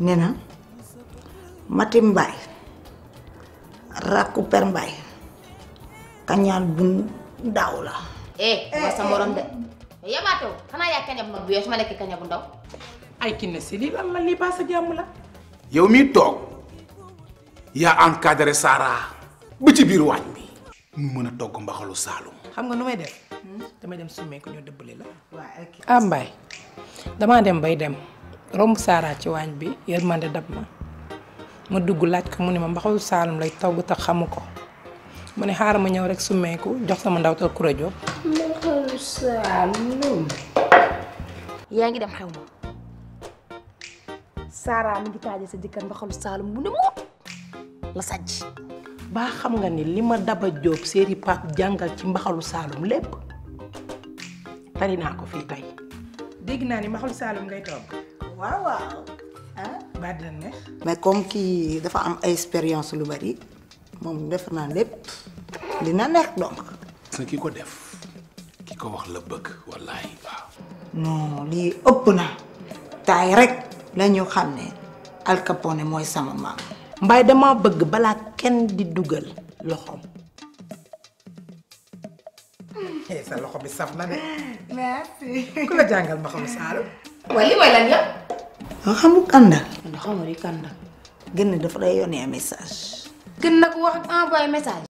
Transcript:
Nena, Mati mbay rakku mbay Mbaye kañaan bu ndaw la. eh, eh ma sa eh, morom eh. de. ya mato yaa ya bu mag bu yo su nek nekk bu ndaw. ay kinne si lii lan la li passe sa la. yow mi tok ya encadré Sara bu ci bir wañ bi mu meuna tok mbaxalu Saalum. xam nga numay def. Hmm? damay dem ko ñu dëbbale la. waaw ah mbay dama dem bay dem romb sara ci wañ bi yërmande dab ma ma dugg laaj ko mu ne ma mbaxalu saalum lay togg ta xamu ko mu ne xaaral ma ñëw rek summeeku jox sama ndaw ta kura jóob mbaxalu salum yaa ngi dem xew ma sara mu ngi taaje sa jëkkër mbaxalu saalum mu ne mu la sàjj ba xam nga ni lima daba job seri pap jangal ci mbaxalu saalum lépp tari naa ko fi tay dégg na ni mbaxalu salum ngay togg wow waaw ah Badran ne ya. mais comme kii dafa am expérience lu bari moom def naa lépp dina nekk donc sa ki ko def ki ko wax la bëgg wallahi waaw non lii ëpp na taay rek Al Capone sama maam mbaay dama bëgg balaa kenn di dugal loxoom eh, sa loxo bi saf na de merci ku la ma xam waaye li mooy lan yëpp. gën dafa lay yónnee message. gën nag wax ak envoyé message.